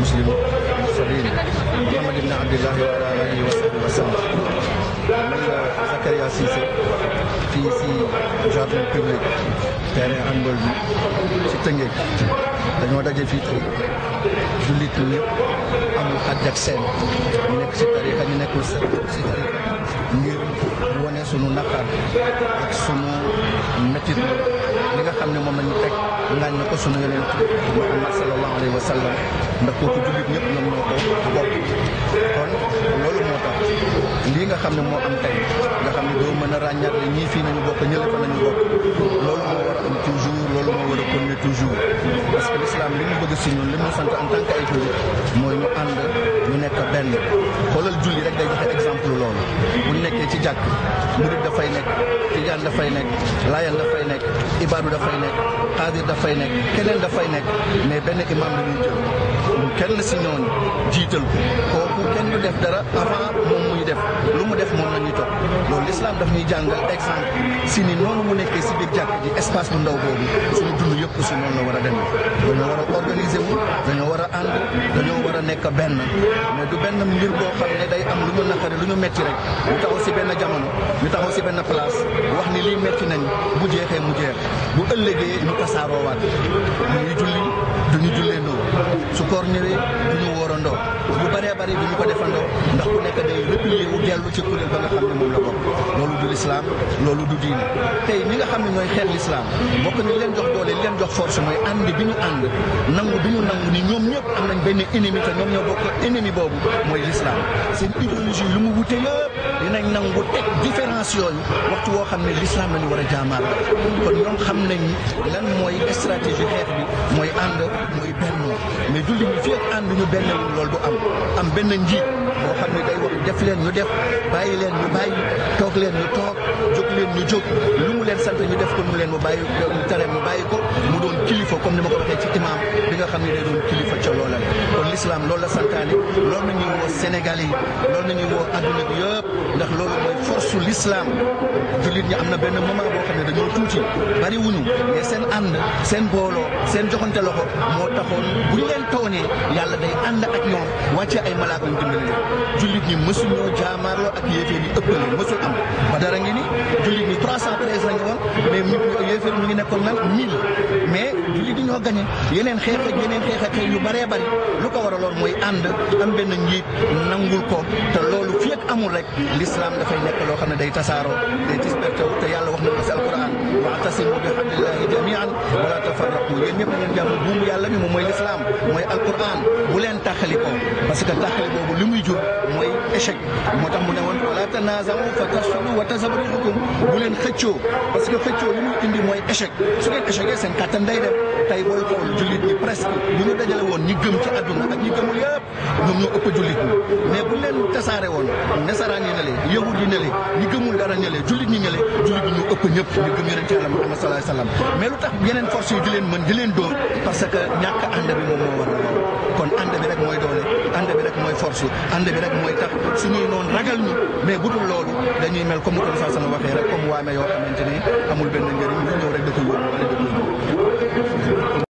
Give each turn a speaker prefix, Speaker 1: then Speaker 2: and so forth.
Speaker 1: مسلم السليم محمد بن si الله وعلى اله وصحبه وسلم man la Zakaria Cissé fii si jardin public terrain handball bi ci Tëngéej dañoo daje fii tey jullit ñëpp amul xaj ak seen ñu nekk si tarixa ñu nekkul si tarixa ngir wane sunu naqar ak sunu métit li nga xam ne moom nañu teg ngaañ na ko sunu yonent Muhammad sallallahu alayhi wa sallam ndax kooku jullit ñëpp ñoom ñoo ko kon loolu moo tax lii nga xam ne moo am tey nga xam ne doo mën a ràññaat ñii fii nañu bokk ñële fa nañu bokk loolu moo war a am toujours loolu moo war a dimbali toujours parce que l'islam li mu bëgg si ñun li mu sant en tant ay jullit mooy ñu ànd ñu nekk benn xoolal julli rek day joxe exemple loolu bu nekkee ci jàkk murid dafay nekk tijaan dafay nekk layan dafay nekk ibaadu dafay nekk xaadir dafay nekk keneen dafay nekk mais benn imam la ñuy jël kenn si ñooñu jiital ko kooku kenn du def dara avant def lu mu def moom la ñuy topp loolu l'islam daf ñuy jàngal exemple si ni noonu mu nekkee si biir jàpp ji espace bu ndaw boobu suñu dund yëpp si noonu la war a demee dañoo war a organiser wu dañoo war a ànd dañoo war a nekk benn mais du benn mbir boo xam ne day am lu ñu naqari lu ñu metti rek ñu taxaw si benn jamono ñu taxaw si benn place wax ni lii metti nañ bu jeexee mu jeex bu ëllëgee ñu tasaaroowaat ñuy julli duñu jullee ndoo su koor ñëwee duñu woorandoo bu baree bari duñu ko defandoo ndax ku nekk day réewu dellu ci kuréel ba nga xam ne moom la bokk loolu du lislaam loolu du diine tey ñi nga xam ne ñooy xeer lislaam bokk ni leen jox doole leen jox force mooy ànd bi ñu ànd nangu bi ñu nangu ni ñoom ñëpp am nañ benn ennemi te ñoom ñoo bokk ennemi boobu mooy lislaam seen idéologie lu mu wute yëpp dinañ nangu teg différence yooyu waxtu woo xam ne lislaam lañu war a jaamaar kon ñoom xam nañ lan mooy stratégie xeex bi mooy ànd mooy mais jullit ñi fii ànd ñu benn lool du am am benn njiit boo xam ne day wax def leen ñu def bàyyi leen ñu bàyyi toog leen ñu toog jóg leen ñu jóg lu mu leen sant ñu def ko mu leen mu bàyyi mu tere mu bàyyi ko mu doon kilifa comme ni ma ko waxee ci imaam bi nga xam ne day doon kilifa ca loola kon l'islam loolu la santaane loolu nañuy woo Sénégalais yi loolu nañuy woo adduna bi yëpp ndax loolu su lislaam jullit ñi am na benn moment boo xam ne dañoo tuuti bari wuñu mais seen ànd seen booloo seen joxante loxo moo taxoon bu ñu leen tooñee yàlla day ànd ak ñoom wàccee ay malaaka ñu dimbali leen jullit ñi mësuñoo jaamaarloo ak yéefee yi ëppale mësu kon nag mille mais jullit yi ñoo gañe yeneen xeex ak yeneen xeex ak yu baree bari lu ko war a waraloon mooy ànd am benn njiit nangul ko te loolu fi ak amul rek l'islam dafay nekk loo xam ne day tasaaroo day disperté te yàlla wax na ko ci alquran wa'tasimu bi hablillahi jami'an wa la tafarraqu yéen ñëpp ngeen jàpp buumu yàlla bi moom mooy lislaam mooy alquran bu leen taxalikoo parce que taxali boobu li muy jur mooy échec moo tax mu ne woon wala tanazamu fa tafshalu wa tazhabu riihukum bu leen xëccoo parce que xëccoo li muy indi mooy échec su ngeen échecee seen kattan day dem tey booy xool jullit ñi presque bu ñu dajale woon ñi gëm ci àdduna ak ñi gëmul yëpp ñoom ñoo ëpp jullit ñi mais bu leen tasaare woon nasaraan yi ne le yahud yi ne le ñi gëmul dara ne le jullit ñi ne le ëpp ñëpp ñu gëm yonent yàlla Muhammad sallallahu alayhi wasallam mais lu tax yeneen force yi di leen mën di leen dóor parce que ñàkk ànd bi moom moo war kon ànd bi rek mooy doole ànd bi rek mooy force ànd bi rek mooy tax suñuy noon ragal ñu mais bu loolu dañuy mel comme ni ko sallallahu alayhi wasallam waxee rek comme waame yoo xamante ni amul benn njëriñ lu ñëw rek da koy wóor wala da koy